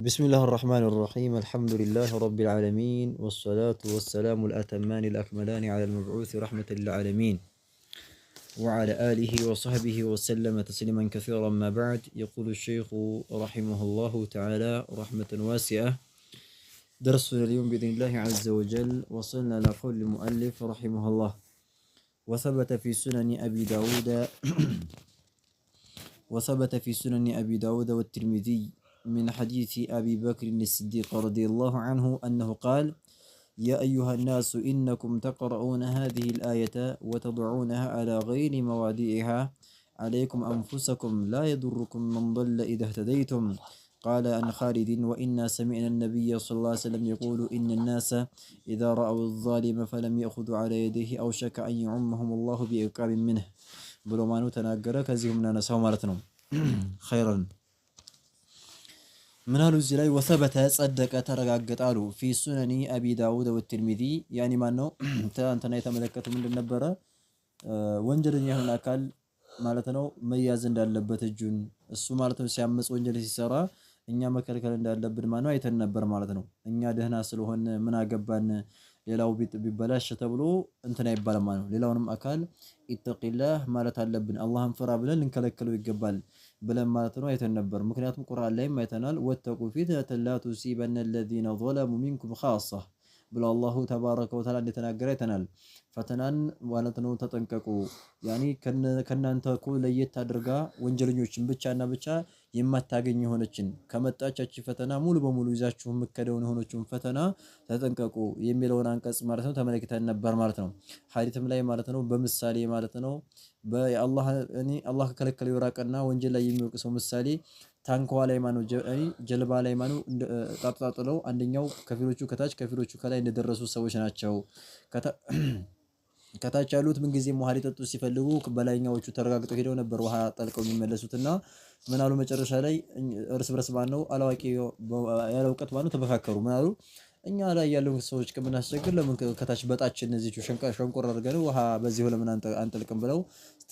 بسم الله الرحمن الرحيم الحمد لله رب العالمين والصلاة والسلام الأتمان الأكملان على المبعوث رحمة للعالمين وعلى آله وصحبه وسلم تسليما كثيرا ما بعد يقول الشيخ رحمه الله تعالى رحمة واسعة درسنا اليوم بإذن الله عز وجل وصلنا إلى قول المؤلف رحمه الله وثبت في سنن أبي داود وثبت في سنن أبي داود والترمذي من حديث أبي بكر الصديق رضي الله عنه أنه قال يا أيها الناس إنكم تقرؤون هذه الآية وتضعونها على غير مواضعها عليكم أنفسكم لا يضركم من ضل إذا اهتديتم قال عن خالد وإنا سمعنا النبي صلى الله عليه وسلم يقول إن الناس إذا رأوا الظالم فلم يأخذوا على يديه أوشك أن يعمهم الله بإقاب منه ብሎ ማኑ ተናገረ። ከዚህም እናነሳው ማለት ምን አሉ እዚህ ላይ ወሰበተ ጸደቀ ተረጋገጠ አሉ ፊ ሱነኒ አቢ ዳውድ ወትርሚዚ ያኒ ማን ነው ትናንትና የተመለከቱ ምንድን ነበረ ወንጀለኛ የሆነ አካል ማለት ነው መያዝ እንዳለበት እጁን እሱ ማለት ነው ሲያመጽ ወንጀል ሲሰራ እኛ መከልከል እንዳለብን ማን ነው አይተን ነበር ማለት ነው እኛ ደህና ስለሆን ምን አገባን ሌላው ቢበላሽ ተብሎ እንትን አይባልም ማለት ነው ሌላውንም አካል ኢተቂላህ ማለት አለብን አላህን ፍራ ብለን ልንከለክለው ይገባል ብለን ማለት ነው አይተን ነበር። ምክንያቱም ቁርአን ላይም አይተናል ወተቁ ፊትነተን ላ ቱሲበነ አለዚነ ዘለሙ ሚንኩም ኻሳ ብሎ አላሁ ተባረከ ወተዓላ እንደተናገረ አይተናል። ፈተናን ማለት ነው ተጠንቀቁ። ያኒ ከእናንተ እኮ ለየት አድርጋ ወንጀለኞችን ብቻና ብቻ የማታገኝ የሆነችን ከመጣቻችን ፈተና ሙሉ በሙሉ ይዛችሁ የምከደውን የሆነችውን ፈተና ተጠንቀቁ የሚለውን አንቀጽ ማለት ነው ተመለክተን ነበር ማለት ነው። ሀዲትም ላይ ማለት ነው በምሳሌ ማለት ነው በአላህ እኔ አላህ ከከለከለው የራቀና ወንጀል ላይ የሚወቅ ሰው ምሳሌ ታንኳ ላይ ማነው ጀልባ ላይ ማነው ጣጣጥለው አንደኛው ከፊሎቹ ከታች ከፊሎቹ ከላይ እንደደረሱ ሰዎች ናቸው። ከታች ያሉት ምን ምንጊዜም ውሃ ሊጠጡ ሲፈልጉ በላይኛዎቹ ተረጋግጠው ሄደው ነበር ውሃ ጠልቀው የሚመለሱትና እና ምን አሉ መጨረሻ ላይ እርስ በርስ ማነው አላዋቂ ያለ እውቀት ማነው ተመካከሩ ምን አሉ እኛ ላይ ያለውን ሰዎች ከምናስቸግር ለምን ከታች በጣች እነዚህ ሸንቆር አድርገን ውሃ በዚህ ለምን አንጠልቅም ብለው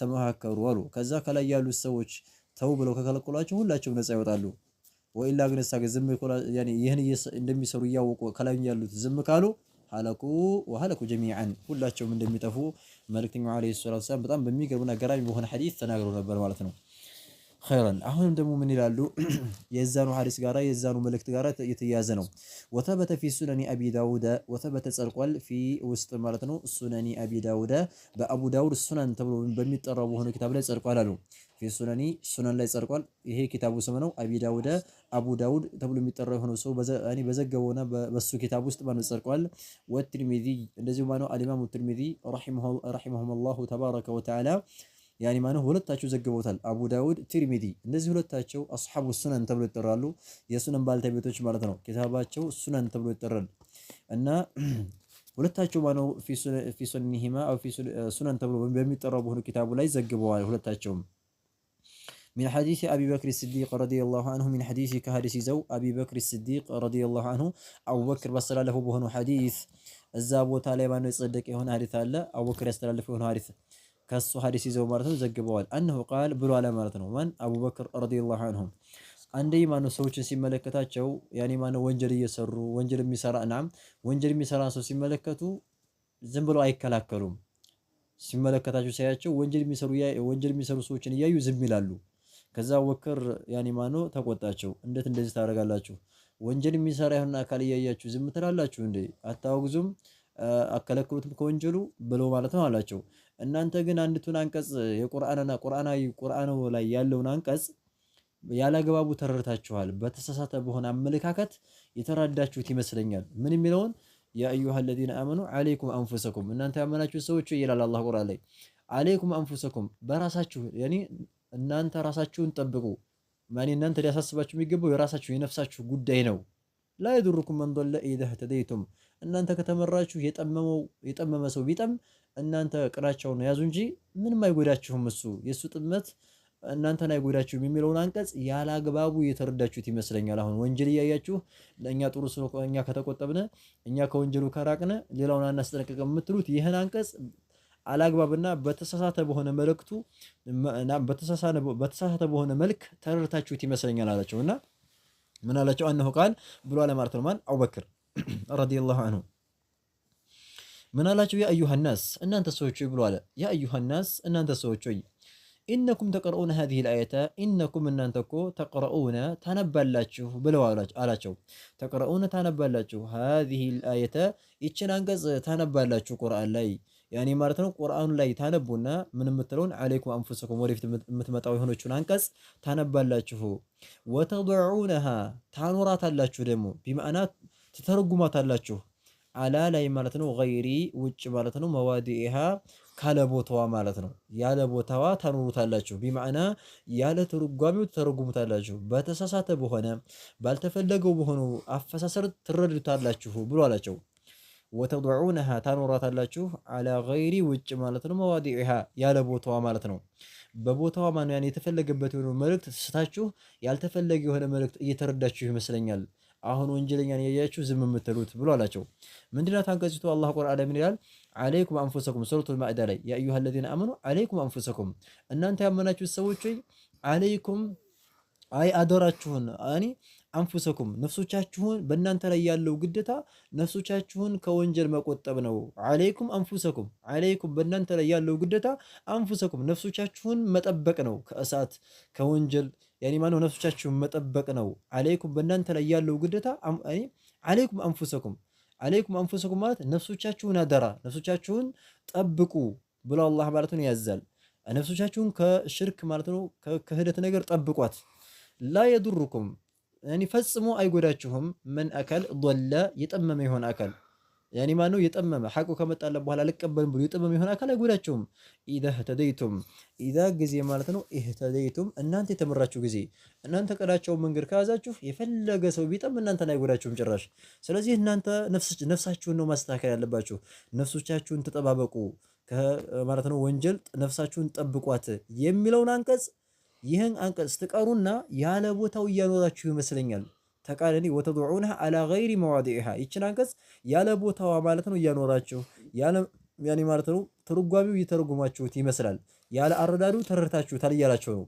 ተመካከሩ አሉ። ከዛ ከላይ ያሉት ሰዎች ተው ብለው ከከለከሏቸው ሁላቸው ነፃ ይወጣሉ። ወይላ ግን እሳ ግን ዝም ያኔ ይህን እንደሚሰሩ እያወቁ ከላይ ያሉት ዝም ካሉ ሀለቁ ወሀለቁ ጀሚዓን ሁላቸውም እንደሚጠፉ መልእክተኛው ዓለይሂ ሰላቱ ወሰላም በጣም በሚገርምና ገራሚ በሆነ ሐዲስ ተናግረው ነበር ማለት ነው። ኸይረን። አሁንም ደግሞ ምን ይላሉ? የዛኑ ሐዲስ ጋራ የዛኑ መልእክት ጋራ የተያያዘ ነው። ወተበተ ፊ ሱነኒ አቢ ዳውደ ወተበተ ጸድቋል፣ ፊ ውስጥ ማለት ነው። ሱነኒ አቢ ዳውደ በአቡ ዳውድ ሱነን ተብሎ በሚጠራው በሆነ ኪታብ ላይ ጸድቋል አሉ። ፊ ሱነኒ ሱነን ላይ ጸድቋል። ይሄ ኪታቡ ስም ነው። አቢ ዳውደ አቡ ዳውድ ተብሎ የሚጠራው የሆነው ሰው በዘገበውና በሱ ኪታብ ውስጥ ማነው ጸድቋል። ወትርሚዚ እንደዚሁ ማነው አልኢማሙ ትርሚዚ ረሒመሁላሁ ተባረከ ወተዓላ ያኒ ማነው ሁለታቸው ዘግበውታል። አቡ ዳውድ፣ ትርሚዚ እነዚህ ሁለታቸው አስሐቡ ሱነን ተብሎ ይጠራሉ። የሱነን ባልተቤቶች ማለት ነው። ኪታባቸው ሱነን ተብሎ ይጠራል እና ሁለታቸው ማነው ፊ ሱነኒሂማ አው ፊ ሱነን ተብሎ በሚጠራው በሆኑ ኪታቡ ላይ ዘግበዋል ሁለታቸውም ሚን ሐዲስ አቢ በክር ስዲቅ ረዲየላሁ አንሁ ሚን ሐዲስ ከሐዲስ ይዘው አቢ በክር ስዲቅ ረዲየላሁ አንሁ አቡበክር ባስተላለፈው በሆኑ ሐዲስ እዛ ቦታ ላይ ማነው የጸደቀ የሆነ ሐዲስ አለ። አቡበክር ያስተላለፈው የሆነ ሐዲስ ከሱ ሐዲስ ይዘው ማለት ነው ዘግበዋል። አነሁ ቃል ብሎ አለ ማለት ነው። ማን አቡበክር ረዲየላሁ አንሁ አንዴ ማነው ሰዎችን ሲመለከታቸው ያኔ ማነው ወንጀል እየሰሩ ወንጀል የሚሰራ እናም ወንጀል የሚሰራ ሰው ሲመለከቱ ዝም ብሎ አይከላከሉም። ሲመለከታቸው ሲያያቸው ወንጀል የሚሰሩ ወንጀል የሚሰሩ ሰዎችን እያዩ ዝም ይላሉ። ከዛ አቡበክር ያኔ ማነው ተቆጣቸው። እንዴት እንደዚህ ታደርጋላችሁ? ወንጀል የሚሰራ የሆነ አካል እያያችሁ ዝም ትላላችሁ እንዴ? አታወግዙም? አከለክሉትም ከወንጀሉ ብሎ ማለት ነው አላቸው። እናንተ ግን አንዲቱን አንቀጽ የቁርአንና ቁርአናዊ ቁርአኑ ላይ ያለውን አንቀጽ ያላግባቡ ተረድታችኋል። በተሳሳተ በሆነ አመለካከት የተረዳችሁት ይመስለኛል። ምን የሚለውን ያ አዩሃ አለዚነ አመኑ አለይኩም አንፉሰኩም፣ እናንተ ያመናችሁ ሰዎች ይላል አላህ ቁርአን ላይ አለይኩም አንፉሰኩም፣ በራሳችሁ ያኒ እናንተ ራሳችሁን ጠብቁ። ማን እናንተ ሊያሳስባችሁ የሚገባው የራሳችሁ የነፍሳችሁ ጉዳይ ነው። ላየዱርኩም መን ዶለ ኢዛ ህተደይቱም እናንተ ከተመራችሁ የጠመመ ሰው ቢጠም እናንተ ቅናቸውን ያዙ እንጂ ምንም አይጎዳችሁም። እሱ የእሱ ጥመት እናንተን አይጎዳችሁም የሚለውን አንቀጽ ያለ አግባቡ የተረዳችሁት ይመስለኛል። አሁን ወንጀል እያያችሁ እኛ ጥሩ እኛ ከተቆጠብነ እኛ ከወንጀሉ ከራቅነ ሌላውን አናስጠነቀቅ የምትሉት ይህን አንቀጽ አላግባብና በተሳሳተ በሆነ መልእክቱ በተሳሳተ በሆነ መልክ ተረድታችሁት ይመስለኛል አላቸው እና ምን አላቸው? አነሁ ቃል ብሎ አለማለት ነው። ማን አቡበክር ረዲየላሁ አንሁ ምን አላቸው? ያ አዩሃናስ እናንተ ሰዎች ሆይ ብሎ አለ። ያ አዩሃናስ እናንተ ሰዎች ሆይ ኢነኩም ተቀርኡነ ሀዚህ ልአየተ ኢነኩም እናንተ እኮ ተቅረኡነ ታነባላችሁ ብለው አላቸው። ተቅረኡነ ታነባላችሁ ሀዚህ ልአየተ ይችን አንቀጽ ታነባላችሁ ቁርአን ላይ ያኔ ማለት ነው ቁርአኑ ላይ ታነቡና ምን የምትለውን አለይኩም አንፉሰኩም ወደፊት የምትመጣው የሆነችውን አንቀጽ ታነባላችሁ። ወተድዑነሃ ታኖራታላችሁ፣ ደግሞ ቢማዕና ትተረጉማታላችሁ። አላ ላይ ማለት ነው ገይሪ ውጭ ማለት ነው መዋዲኢሃ ካለ ቦታዋ ማለት ነው ያለ ቦታዋ ታኖሩታላችሁ። ቢማዕና ያለ ትርጓሜው ትተረጉሙታላችሁ። በተሳሳተ በሆነ ባልተፈለገው በሆኑ አፈሳሰር ትረዱታላችሁ ብሎ አላቸው። ወተድዑነሃ ታኖራታላችሁ አላ ገይሪ ውጭ ማለት ነው መዋዲዒሃ ያለ ቦታዋ ማለት ነው። በቦታዋ ማን የተፈለገበት የሆነ መልእክት ስታችሁ ያልተፈለገ የሆነ መልእክት እየተረዳችሁ ይመስለኛል። አሁን ወንጀለኛን ያያችሁ ዝም የምትሉት ብሎ አላቸው። ምንድናት አንቀጽቱ አላህ ቁርአን ምን ይላል? አለይኩም አንፉሰኩም ሱረቱል ማዕዳ ላይ ያ አዩሃ ለዚነ አመኑ አለይኩም አንፉሰኩም እናንተ ያመናችሁት ሰዎች አለይኩም አይ አደራችሁን አኒ አንፉሰኩም ነፍሶቻችሁን በእናንተ ላይ ያለው ግዴታ ነፍሶቻችሁን ከወንጀል መቆጠብ ነው። አለይኩም አንፉሰኩም አለይኩም በእናንተ ላይ ያለው ግዴታ አንፉሰኩም ነፍሶቻችሁን መጠበቅ ነው ከእሳት ከወንጀል ያኔ ማነው ነፍሶቻችሁን መጠበቅ ነው። አለይኩም በእናንተ ላይ ያለው ግዴታ አለይኩም አንፉሰኩም አለይኩም አንፉሰኩም ማለት ነፍሶቻችሁን አደራ ነፍሶቻችሁን ጠብቁ ብሎ አላህ ማለት ነው ያዛል። ነፍሶቻችሁን ከሽርክ ማለት ነው ከህደት ነገር ጠብቋት ላ የዱሩኩም ያኒ ፈጽሞ አይጎዳችሁም። ምን አካል ዶለ የጠመመ የሆነ አካል ያኒ ማ የጠመመ ሐቁ ከመጣለ በኋላ አልቀበልም ብሎ የጠመመ የሆነ አካል አይጎዳችሁም። ኢዛ ህተደይቱም ኢዛ ጊዜ ማለት ነው። ኢህተደይቱም እናንተ የተመራችሁ ጊዜ እናንተ ቀዳቸውን መንገድ ከያዛችሁ የፈለገ ሰው ቢጠም እናንተን አይጎዳችሁም ጭራሽ። ስለዚህ እናንተ ነፍሳችሁን ነው ማስተካከል ያለባችሁ። ነፍሶቻችሁን ተጠባበቁ ማለት ነው። ወንጀል ነፍሳችሁን ጠብቋት የሚለውን አንቀጽ ይህን አንቀጽ ትቀሩና ያለ ቦታው እያኖራችሁ ይመስለኛል። ተቃለኒ ወተድዑነሃ አላ ገይሪ መዋዲኢሃ ይችን አንቀጽ ያለ ቦታዋ ማለት ነው እያኖራችሁ ያኔ ማለት ነው ትርጓሚው እየተረጉማችሁት ይመስላል። ያለ አረዳዱ ተረድታችሁታል እያላቸው ነው።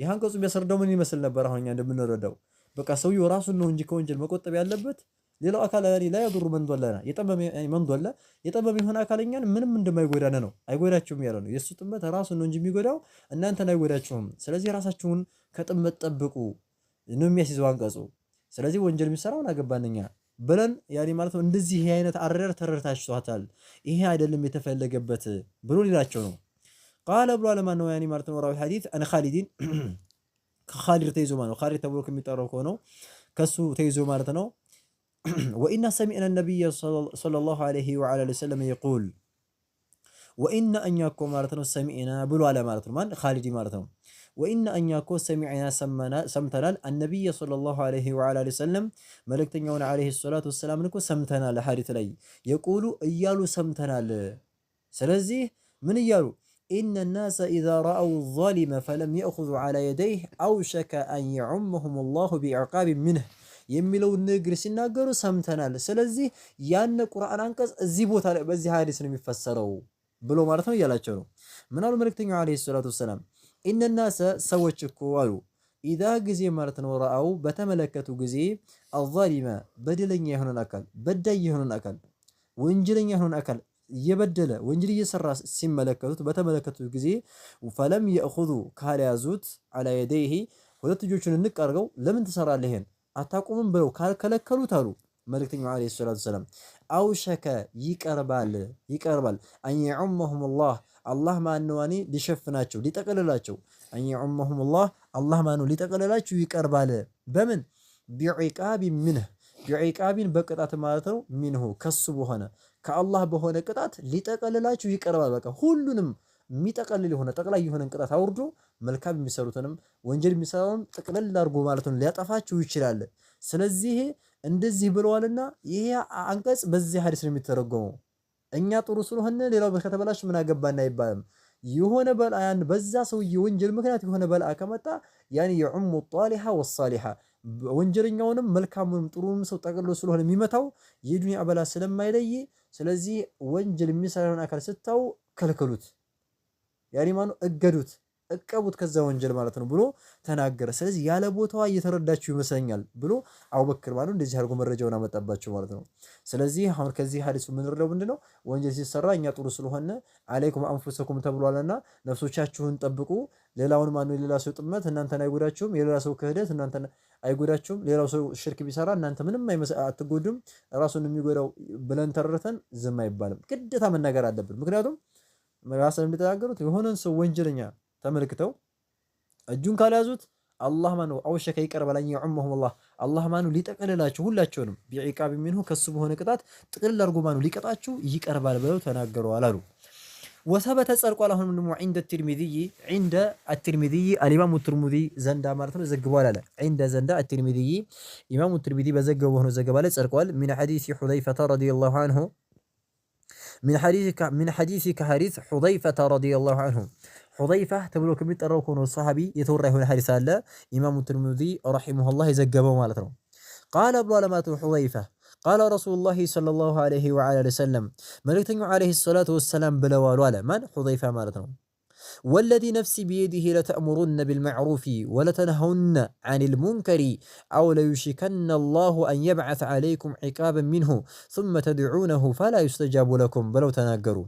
ይህ አንቀጹ ቢያስረዳው ምን ይመስል ነበር? አሁን እኛ እንደምንረዳው በቃ ሰውየው ራሱን ነው እንጂ ከወንጀል መቆጠብ ያለበት። ሌላው አካል ላይ ላ ያዱሩ መንዶለና መንዶለ የጠመመ የሆነ አካል እኛን ምንም እንደማይጎዳነ ነው። አይጎዳችሁም ያለ ነው። የእሱ ጥመት ራሱን ነው እንጂ የሚጎዳው እናንተን አይጎዳችሁም። ስለዚህ ራሳችሁን ከጥመት ጠብቁ ነው የሚያስይዘው አንቀጹ። ስለዚህ ወንጀል የሚሰራውን አገባንኛ ብለን ያኔ ማለት ነው እንደዚህ ይሄ አይነት አረር ተረድታችኋታል፣ ይሄ አይደለም የተፈለገበት ብሎ ሌላቸው ነው ቃለ ብሎ አለማን ነው ያኔ ማለት ነው ራዊ ሐዲት አን ኻሊዲን ከኻሊድ ተይዞ ማለት ነው ኻሊድ ተብሎ ከሚጠራው ከሆነው ከሱ ተይዞ ማለት ነው وإن سمعنا النبي صلى الله عليه وعلى وسلم يقول وإن أن يكون مارتن سمعنا بلو على مارتن من خالدي مارتن وإن أن يكون سمعنا سمتنا النبي صلى الله عليه وعلى وسلم ملك تنيون عليه الصلاة والسلام نكو سمتنا لحارث لي يقول إيالو سمتنا سلزيه من إيالو إن الناس إذا رأوا الظالم فلم يأخذوا على يديه أوشك أن يعمهم الله بعقاب منه የሚለው ንግግር ሲናገሩ ሰምተናል። ስለዚህ ያን ቁርአን አንቀጽ እዚህ ቦታ ላይ በዚህ ሀዲስ ነው የሚፈሰረው ብሎ ማለት ነው እያላቸው ነው። ምን አሉ መልእክተኛው አለይሂ ሰላቱ ወሰላም ኢነናሰ ሰዎች እኮ አሉ ኢዛ ጊዜ ማለት ነው ረአው በተመለከቱ ጊዜ አዛሊመ በደለኛ የሆነን አካል በዳይ የሆነን አካል ወንጀለኛ የሆነን አካል እየበደለ ወንጀል እየሰራ ሲመለከቱት በተመለከቱት ጊዜ ፈለም የእኹዙ ካልያዙት አላ የደይሂ ሁለት እጆቹን እንቅ ለምን ትሰራለህ አታቁሙም ብለው ካልከለከሉት አሉ መልእክተኛው ዓለይሂ ሰላቱ ወሰላም አውሸከ ይቀርባል ይቀርባል አን የዑመሁም ላህ አላህ ማንዋኒ ሊሸፍናቸው ሊጠቀልላቸው አን የዑመሁም ላህ አላህ ማኑ ሊጠቀልላችሁ ይቀርባል በምን ቢዕቃቢ ምንህ ቢዕቃቢን በቅጣት ማለት ነው ሚንሁ ከሱ በሆነ ከአላህ በሆነ ቅጣት ሊጠቀልላችሁ ይቀርባል በቃ ሁሉንም የሚጠቀልል የሆነ ጠቅላይ የሆነ ቅጣት አውርዶ መልካም የሚሰሩትንም ወንጀል የሚሰራውን ጥቅልል አድርጎ ማለቱን ሊያጠፋቸው ይችላል። ስለዚህ እንደዚህ ብለዋልና ይሄ አንቀጽ በዚህ ሀዲስ ነው የሚተረጎመው። እኛ ጥሩ ስለሆነ ሌላው ከተበላሽ ምን አገባን አይባልም። የሆነ በልአያን በዛ ሰውዬ ወንጀል ምክንያት የሆነ በልአ ከመጣ ያን የዑሙ ጧሊሃ ወሳሊሃ ወንጀለኛውንም መልካሙንም ጥሩንም ሰው ጠቅሎ ስለሆነ የሚመታው የዱንያ በላ ስለማይለይ፣ ስለዚህ ወንጀል የሚሰራውን አካል ስታው ከልክሉት። ያሪማኑ እገዱት እቀቡት ከዛ ወንጀል ማለት ነው ብሎ ተናገረ። ስለዚህ ያለ ቦታዋ እየተረዳችሁ ይመስለኛል ብሎ አቡበክር ማለት እንደዚህ አድርጎ መረጃውን አመጣባቸው ማለት ነው። ስለዚህ አሁን ከዚህ ሀዲሱ የምንረዳው ምንድን ነው? ወንጀል ሲሰራ እኛ ጥሩ ስለሆነ አለይኩም አንፉሰኩም ተብሏልና ነፍሶቻችሁን ጠብቁ። ሌላውን ማ የሌላ ሰው ጥመት እናንተን አይጎዳችሁም። የሌላ ሰው ክህደት እናንተን አይጎዳችሁም። ሌላው ሰው ሽርክ ቢሰራ እናንተ ምንም አትጎዱም። ራሱን የሚጎዳው ብለን ተረተን ዝም አይባልም። ግዴታ መናገር አለብን ምክንያቱም ራስን እንደተናገሩት የሆነን ሰው ወንጀለኛ ተመልክተው እጁን ካልያዙት አላህ ማነው አውሸከ ይቀር በላኝ የዑመሁም አላህ አላህ ማነው ሊጠቀልላችሁ ሁላቸውንም ቢዒቃብ ሚንሁ ከሱ በሆነ ቅጣት ጥቅልል አድርጎ ማነው ሊቀጣችሁ ይቀርባል ብለው ተናገረዋል አሉ። ወሰበተ ጸድቋል። አሁንም ደግሞ ዒንደ ትርሚዝይ ዒንደ አትርሚዝይ አልኢማሙ ትርሚዚ ዘንዳ ማለት ነው ዘግቧል አለ ዒንደ ዘንዳ አትርሚዝይ ኢማሙ ትርሚዚ በዘገበው ሆኖ ዘገባ ላይ ጸድቋል። ሚን ሐዲስ ሑዘይፈተ ረዲየላሁ አንሁ من حديثك من حديثك حديث حذيفة رضي الله عنه حذيفة تبلوك من تروكون الصحابي يتوري هنا حديث الله إمام الترمذي رحمه الله زجبه مالته قال أبو لما حذيفة قال رسول الله صلى الله عليه وعلى وسلم ملكتني عليه الصلاة والسلام بلا والوالا من حذيفة مالته ወለዚ ነፍሲ ብየዲህ ለተእሙሩነ ብልማዕሩፊ ወለተንሀውነ ዐኒል ሙንከሪ አው ለዩሽከነ አላሁ አን የብዓት ዐለይኩም ዒቃበን ሚንሁ ሱመ ተድዑነሁ ፈላ ዩስተጃቡ ለኩም ብለው ተናገሩ።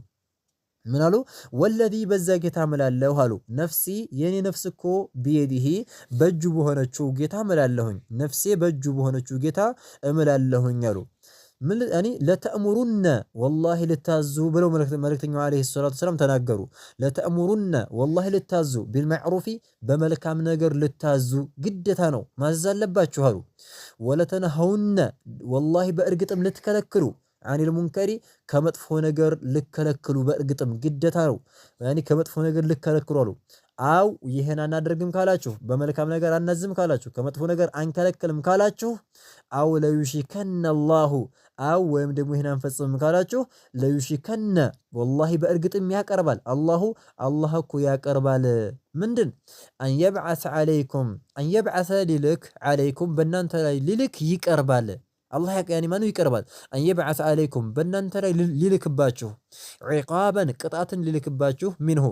ምን አሉ? ወለዚ በዛ ጌታ ምላለሁ አሉ። ነፍሲ የኔ ነፍስ እኮ ብየዲሂ በእጁ በሆነችው ጌታ እምላለሁኝ ነፍሴ በእጁ በሆነችው ጌታ እምላለሁኝ አሉ። እኔ ለተእሙሩነ ወላሂ ልታዙ ብለው መልእክተኛው ዓለይሂ ሰላቱ ወሰላም ተናገሩ። ለተእሙሩነ ወላሂ ልታዙ ቢልማዕሩፊ በመልካም ነገር ልታዙ ግዴታ ነው ማዘዝ አለባችሁ አሉ። ወለተነሀውነ ወላሂ በእርግጥም ልትከለክሉ አኒል ሙንከሪ ከመጥፎ ነገር ልከለክሉ በእርግጥም ግዴታ ነው። ያኔ ከመጥፎ ነገር ልከለክሉ አሉ። አው ይህን አናደርግም ካላችሁ፣ በመልካም ነገር አናዝም ካላችሁ፣ ከመጥፎ ነገር አንከለክልም ካላችሁ አው ለዩሽከነ አላሁ አው ወይም ደግሞ ይህን አንፈጽምም ካላችሁ ለዩሽከነ ወላሂ በእርግጥም ያቀርባል አላሁ አላህ እኮ ያቀርባል። ምንድን አንየብዓሰ ዓለይኩም አንየብዓሰ ሊልክ ዓለይኩም በእናንተ ላይ ሊልክ ይቀርባል። አላህ ያቀያኒ ማኑ ይቀርባል። አንየብዓሰ ዓለይኩም በእናንተ ላይ ሊልክባችሁ ዒቃበን ቅጣትን ሊልክባችሁ ሚንሁ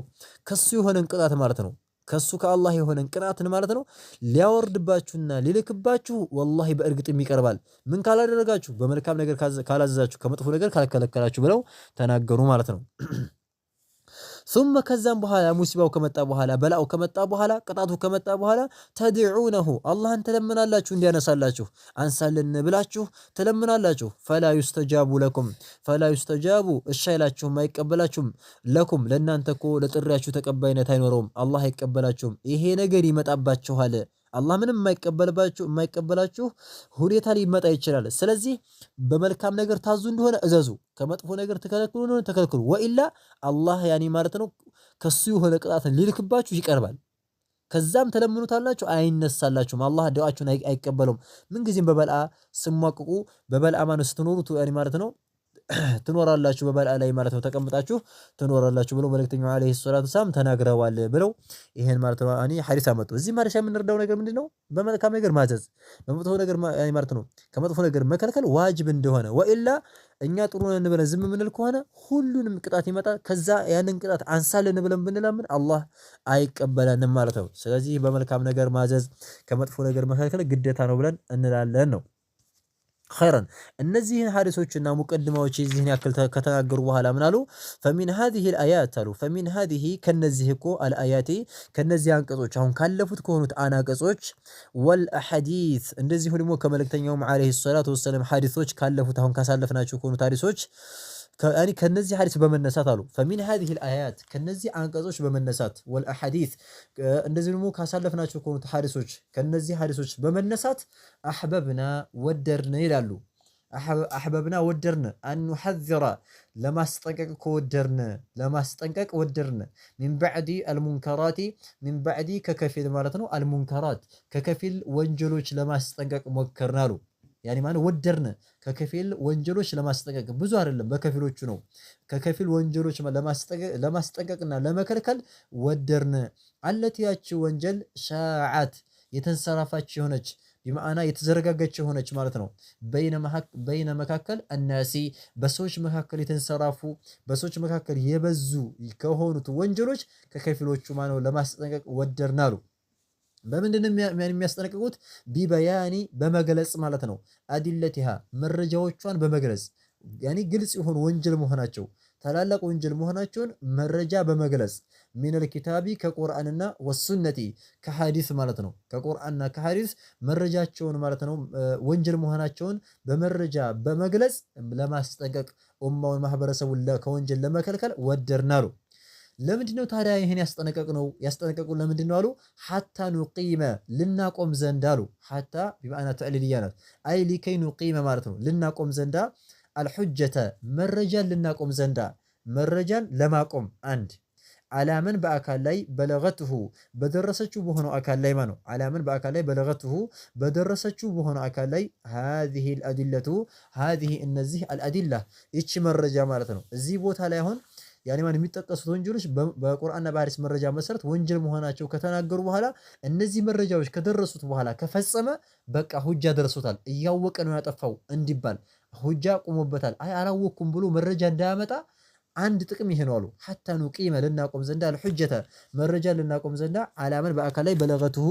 ከሱ የሆነን ቅጣት ማለት ነው። ከሱ ከአላህ የሆነን ቅንዓትን ማለት ነው ሊያወርድባችሁና ሊልክባችሁ ወላሂ በእርግጥም ይቀርባል። ምን ካላደረጋችሁ፣ በመልካም ነገር ካላዘዛችሁ፣ ከመጥፎ ነገር ካልከለከላችሁ ብለው ተናገሩ ማለት ነው። ሱመ ከዛም በኋላ ሙሲባው ከመጣ በኋላ በላው ከመጣ በኋላ ቅጣቱ ከመጣ በኋላ ተድዑነሁ አላህን ትለምናላችሁ እንዲያነሳላችሁ አንሳልን ብላችሁ ትለምናላችሁ። ፈላ ዩስተጃቡ ለኩም ፈላ ዩስተጃቡ እሺ አይላችሁም አይቀበላችሁም። ለኩም ለእናንተ እኮ ለጥሪያችሁ ተቀባይነት አይኖረውም፣ አላህ አይቀበላችሁም። ይሄ ነገር ይመጣባችኋል። አላህ ምንም የማይቀበልባችሁ የማይቀበላችሁ ሁኔታ ሊመጣ ይችላል። ስለዚህ በመልካም ነገር ታዙ እንደሆነ እዘዙ፣ ከመጥፎ ነገር ተከለክሉ እንደሆነ ተከልክሉ። ወኢላ አላህ ያኔ ማለት ነው ከሱ የሆነ ቅጣትን ሊልክባችሁ ይቀርባል። ከዛም ተለምኑታላችሁ፣ አይነሳላችሁም። አላህ ደዋችሁን አይቀበለውም። ምንጊዜም በበልአ ስሟቅቁ በበልአ ማነው ስትኖሩት ያኔ ማለት ነው ትኖራላችሁ በበላ ላይ ማለት ነው ተቀምጣችሁ ትኖራላችሁ ብለው መልእክተኛው ዓለይሂ ሰላቱ ሰላም ተናግረዋል ብለው ይሄን ማለት ነው አኒ ሐዲስ አመጡ። እዚህ ማርሻ የምንረዳው ነገር ምንድነው? በመልካም ነገር ማዘዝ በመጥፎ ነገር ማለት ነው ከመጥፎ ነገር መከልከል ዋጅብ እንደሆነ ወኢላ እኛ ጥሩ ነን ብለን ዝም ምንል ከሆነ ሁሉንም ቅጣት ይመጣል። ከዛ ያንን ቅጣት አንሳልን ብለን ብንለምን አላህ አይቀበለንም ማለት ነው። ስለዚህ በመልካም ነገር ማዘዝ ከመጥፎ ነገር መከልከል ግዴታ ነው ብለን እንላለን ነው ኸይረን እነዚህን ሀዲሶችና ሙቀድማዎች የዚህን ያክል ከተናገሩ በኋላ ምን ፈሚን ሀዚህ አልአያት አሉ ፈሚን ሀዚህ ከነዚህ እኮ አልአያቴ ከነዚህ አንቀጾች አሁን ካለፉት ከሆኑት አናቀጾች ወልአሐዲት እንደዚሁ ደግሞ ከመልእክተኛውም ዓለይሂ ሰላቱ ወሰላም ሀዲሶች ካለፉት አሁን ካሳለፍናቸው ከሆኑት ሀዲሶች ከነዚህ ሀዲስ በመነሳት አሉ ፈሚን ሀዚህ ልአያት ከነዚህ አንቀጾች በመነሳት ወልአሐዲት እንደዚህ ደግሞ ካሳለፍናቸው ከሆኑት ሀዲሶች ከነዚህ ሀዲሶች በመነሳት አሕበብና ወደርነ ይላሉ። አሕበብና ወደርነ አኑሐዝረ ለማስጠንቀቅ ከወደርነ ለማስጠንቀቅ ወደርነ ሚን ባዕዲ አልሙንከራቲ ሚን ባዕዲ ከከፊል ማለት ነው አልሙንከራት ከከፊል ወንጀሎች ለማስጠንቀቅ ሞከርን አሉ። ያኔ ማለት ወደድን ከከፊል ወንጀሎች ለማስጠንቀቅ ብዙ አይደለም፣ በከፊሎቹ ነው። ከከፊል ወንጀሎች ለማስጠንቀቅና ለመከልከል ወደድን። አለት ያቺ ወንጀል ሻዓት የተንሰራፋች የሆነች ቢማዕና የተዘረጋገች የሆነች ማለት ነው። በይነ መካከል አናሲ በሰዎች መካከል የተንሰራፉ በሰዎች መካከል የበዙ ከሆኑት ወንጀሎች ከከፊሎቹ ማነው ለማስጠንቀቅ ወደድን አሉ። በምንድን የሚያስጠነቅቁት? ቢበያኒ በመግለጽ ማለት ነው። አዲለቲሃ መረጃዎቿን በመግለጽ ያኒ ግልጽ የሆኑ ወንጀል መሆናቸው ታላላቅ ወንጀል መሆናቸውን መረጃ በመግለጽ ሚነል ኪታቢ ከቁርአንና ወሱነቲ ከሐዲስ ማለት ነው። ከቁርአንና ከሐዲስ መረጃቸውን ማለት ነው ወንጀል መሆናቸውን በመረጃ በመግለጽ ለማስጠንቀቅ ኡማውን ማህበረሰቡን ከወንጀል ለመከልከል ወደርናሉ። ለምንድን ነው ታዲያ ይህን ያስጠነቀቅ ነው ያስጠነቀቁ ለምንድን ነው አሉ? ሓታ ኑቂመ ልናቆም ዘንዳ አሉ። ሓታ ቢማዕና ተዕሊልያ ናት። አይ ሊከይ ኑቂመ ማለት ነው ልናቆም ዘንዳ አልሑጀተ መረጃን ልናቆም ዘንዳ መረጃን ለማቆም አንድ አላመን በአካል ላይ በለገትሁ በደረሰችው በሆነው አካል ላይ ማነው አላምን በአካል ላይ በለገትሁ በደረሰችው በሆነው አካል ላይ ሃዚሂ አልአዲለቱ ሃዚሂ እነዚህ አልአዲላ ይቺ መረጃ ማለት ነው እዚህ ቦታ ላይ አሁን ያኔማን የሚጠቀሱት ወንጀሎች በቁርአንና በሐዲስ መረጃ መሰረት ወንጀል መሆናቸው ከተናገሩ በኋላ እነዚህ መረጃዎች ከደረሱት በኋላ ከፈጸመ በቃ ሁጃ ደርሶታል፣ እያወቀ ነው ያጠፋው እንዲባል ሁጃ ቁሞበታል። አይ አላወቅኩም ብሎ መረጃ እንዳያመጣ አንድ ጥቅም ይሄ ነው አሉ። ሐታ ኑቂመ ልናቆም ዘንዳ አልሑጀተ መረጃ ልናቆም ዘንዳ አላመን በአካል ላይ በለገትሁ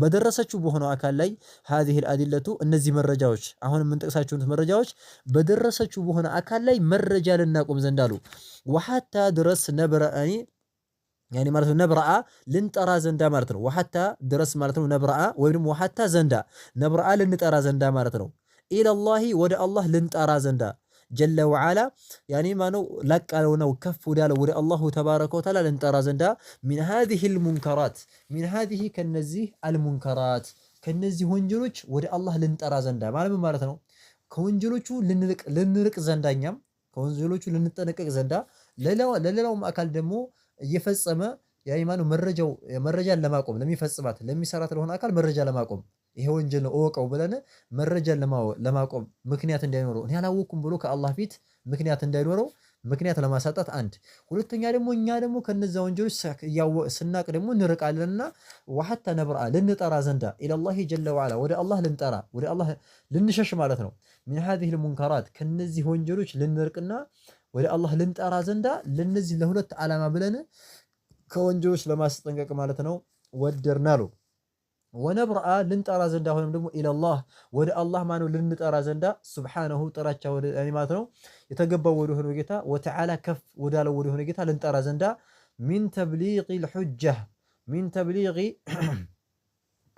በደረሰችው በሆነው አካል ላይ ሀዚሂል አዲለቱ እነዚህ መረጃዎች አሁን የምንጠቅሳችሁት መረጃዎች በደረሰችው በሆነ አካል ላይ መረጃ ልናቆም ዘንድ አሉ። ወሐታ ድረስ ነበረአኒ ያኔ ማለት ነው ነብራአ ልንጠራ ዘንዳ ማለት ነው። ወሐታ ድረስ ማለት ነው ነብራአ ወይ ደግሞ ወሐታ ዘንዳ ነብራአ ልንጠራ ዘንዳ ማለት ነው። ኢለላሂ ወደ አላህ ልንጠራ ዘንዳ ጀለ ወዓላ ያኔ ማነው ላቅ ያለውነው ከፍ ወዳለው ወደ አላሁ ተባረከ ወተዓላ ልንጠራ ዘንዳ ሚን ሃዚሂል ሙንከራት ሚን ሃዚሂ ከነዚህ አልሙንከራት ከነዚህ ወንጀሎች ወደ አላህ ልንጠራ ዘንዳ ማለት ምን ማለት ነው? ከወንጀሎቹ ልንርቅ ዘንዳ እኛም ከወንጀሎቹ ልንጠነቀቅ ዘንዳ ለሌላውም አካል ደግሞ እየፈጸመ ያኔ ማነው መረጃው መረጃን ለማቆም ለሚፈጽማት ለሚሰራት ለሆነ አካል መረጃ ለማቆም ይሄ ወንጀል ነው እወቀው ብለን መረጃን ለማቆም ምክንያት እንዳይኖረው እኔ አላወቅኩም ብሎ ከአላህ ፊት ምክንያት እንዳይኖረው ምክንያት ለማሳጣት አንድ። ሁለተኛ ደግሞ እኛ ደግሞ ከነዛ ወንጀሎች ስናቅ ደግሞ እንርቃለንና ወሐታ ነብርአ ልንጠራ ዘንዳ ኢለላሂ ጀለ ወዐላ ወደ አላህ ልንጠራ ወደ አላህ ልንሸሽ ማለት ነው። ሚን ሀዚሂል ሙንከራት ከነዚህ ወንጀሎች ልንርቅና ወደ አላህ ልንጠራ ዘንዳ ለነዚህ ለሁለት ዓላማ ብለን ከወንጀሎች ለማስጠንቀቅ ማለት ነው ወደርናሉ። ወነብርአ ልንጠራ ዘንዳ ሆነም ደግሞ ኢለላህ ወደ አላህ ማነው ልንጠራ ዘንዳ ስብሓነሁ ጥራቻ ማለት ነው የተገባው ወደሆነ ጌታ ወተዓላ ከፍ ወዳለው ወደሆነ ጌታ ልንጠራ ዘንዳ ሚን ተብሊግ ልሑጃ ሚን ተብሊግ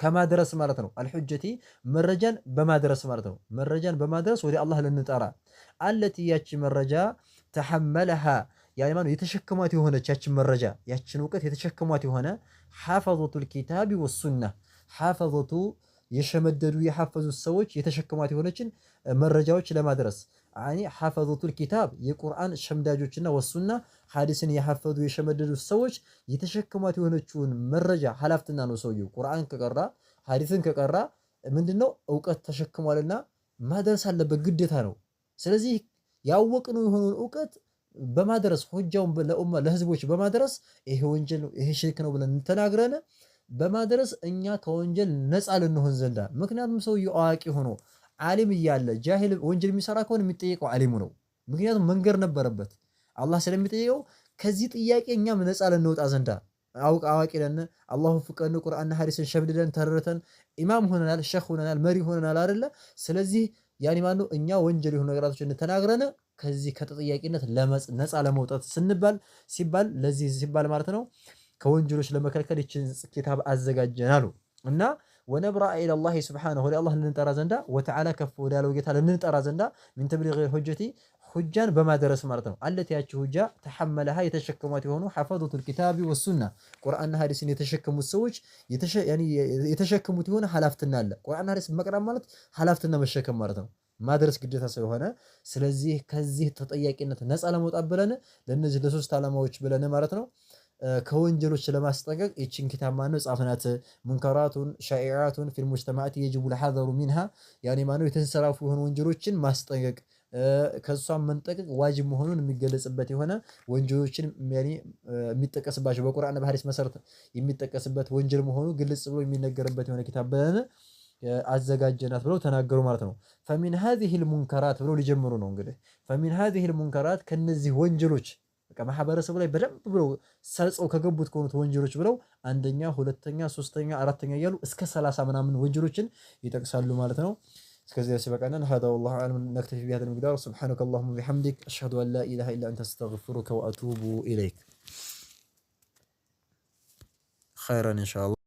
ከማድረስ ማለት ነው። አልሑጀቲ መረጃን በማድረስ ማለት ነው። መረጃን በማድረስ ወደ አላህ ልንጠራ አለቲ ያቺ መረጃ ተሐመለሃ ያማኑ የተሸከሟት የሆነች ያቺ መረጃ ያችን እውቀት የተሸከሟት የሆነ ሓፈظቱ ልኪታቢ ወሱና ሐፈዘቱ የሸመደዱ የሐፈዙ ሰዎች የተሸከሟት የሆነችን መረጃዎች ለማድረስ አኒ ሐፈዙቱል ኪታብ የቁርአን ሸምዳጆችና ወሱና ሐዲስን የሐፈዙ የሸመደዱ ሰዎች የተሸከሟት የሆነችውን መረጃ ሐላፍትና ነው። ሰውየው ቁርአን ከቀራ ሐዲስን ከቀራ ምንድነው እውቀት ተሸክሟልና ማድረስ አለበት ግዴታ ነው። ስለዚህ ያወቅነው የሆነውን እውቀት በማድረስ ሆጃውን ለኡማ ለህዝቦች በማድረስ ይሄ ወንጀል ይሄ ሽርክ ነው ብለን ተናግረን በማድረስ እኛ ከወንጀል ነፃ ልንሆን ዘንዳ። ምክንያቱም ሰውየው አዋቂ ሆኖ ዓሊም እያለ ጃሂል ወንጀል የሚሰራ ከሆነ የሚጠየቀው ዓሊሙ ነው። ምክንያቱም መንገር ነበረበት አላህ ስለሚጠየቀው። ከዚህ ጥያቄ እኛም ነፃ ልንወጣ ዘንዳ አውቅ አዋቂ ነን፣ አላሁ ፍቀን፣ ቁርአንና ሐዲስን ሸምድደን ተረተን ኢማም ሆነናል፣ ሸህ ሆነናል፣ መሪ ሆነናል አይደለ? ስለዚህ ያኔ ማነው እኛ ወንጀል የሆኑ ነገራቶች እንተናግረን ከዚህ ከተጠያቂነት ነፃ ለመውጣት ስንባል ሲባል ለዚህ ሲባል ማለት ነው ከወንጀሎች ለመከልከል ይችን ኪታብ አዘጋጀን አሉ እና ወነብራ ኢለላሂ ስብሓነሁ ወደ አላህ ልንጠራ ዘንዳ ወተዓላ ከፍ ወዳለው ጌታ ልንጠራ ዘንዳ ሚን ተብሊግ ሁጀቲ ሁጃን በማደረስ ማለት ነው። አለት ያቺ ሁጃ ተሐመለሃ የተሸከሟት የሆኑ ሐፈዙቱል ኪታቢ ወሱና ቁርአንና ሐዲስን የተሸከሙት ሰዎች የተሸከሙት የሆነ ሐላፍትና አለ። ቁርአንና ሐዲስ መቅራብ ማለት ሐላፍትና መሸከም ማለት ነው፣ ማድረስ ግዴታ ስለሆነ ስለዚህ ከዚህ ተጠያቂነት ነፃ ለመውጣት ብለን ለእነዚህ ለሶስት ዓላማዎች ብለን ማለት ነው ከወንጀሎች ለማስጠንቀቅ ይችን ኪታብ ማነው ጻፍናት። ሙንከራቱን ሻኢራቱን ፊል ሙጅተማዓት የጅቡ ልሓዘሩ ሚንሃ ያኔ ማነው የተንሰራፉ የሆኑ ወንጀሎችን ማስጠንቀቅ ከእሷን መንጠቅቅ ዋጅብ መሆኑን የሚገለጽበት የሆነ ወንጀሎችን የሚጠቀስባቸው በቁርአን በሐዲስ መሰረት የሚጠቀስበት ወንጀል መሆኑ ግልጽ ብሎ የሚነገርበት የሆነ ኪታብ ብለን አዘጋጀናት ብለው ተናገሩ ማለት ነው። ፈሚን ሀዚሂል ሙንከራት ብለው ሊጀምሩ ነው እንግዲህ። ፈሚን ሀዚሂል ሙንከራት ከነዚህ ወንጀሎች ማህበረሰቡ ላይ በደንብ ብለው ሰልጸው ከገቡት ከሆኑት ወንጀሎች ብለው አንደኛ፣ ሁለተኛ፣ ሶስተኛ፣ አራተኛ እያሉ እስከ ሰላሳ ምናምን ወንጀሎችን ይጠቅሳሉ ማለት ነው። እስከዚያ ሲበቃነን ሀዳ ወላሁ አዕለም ነክተፊ ቢሀዛ ልሚቅዳር ሱብሓነከ አላሁመ ወቢሐምዲክ አሽሀዱ አን ላ ኢላሃ ኢላ አንተ አስተግፊሩከ ወአቱቡ ኢለይክ ኸይረን ኢንሻአላህ።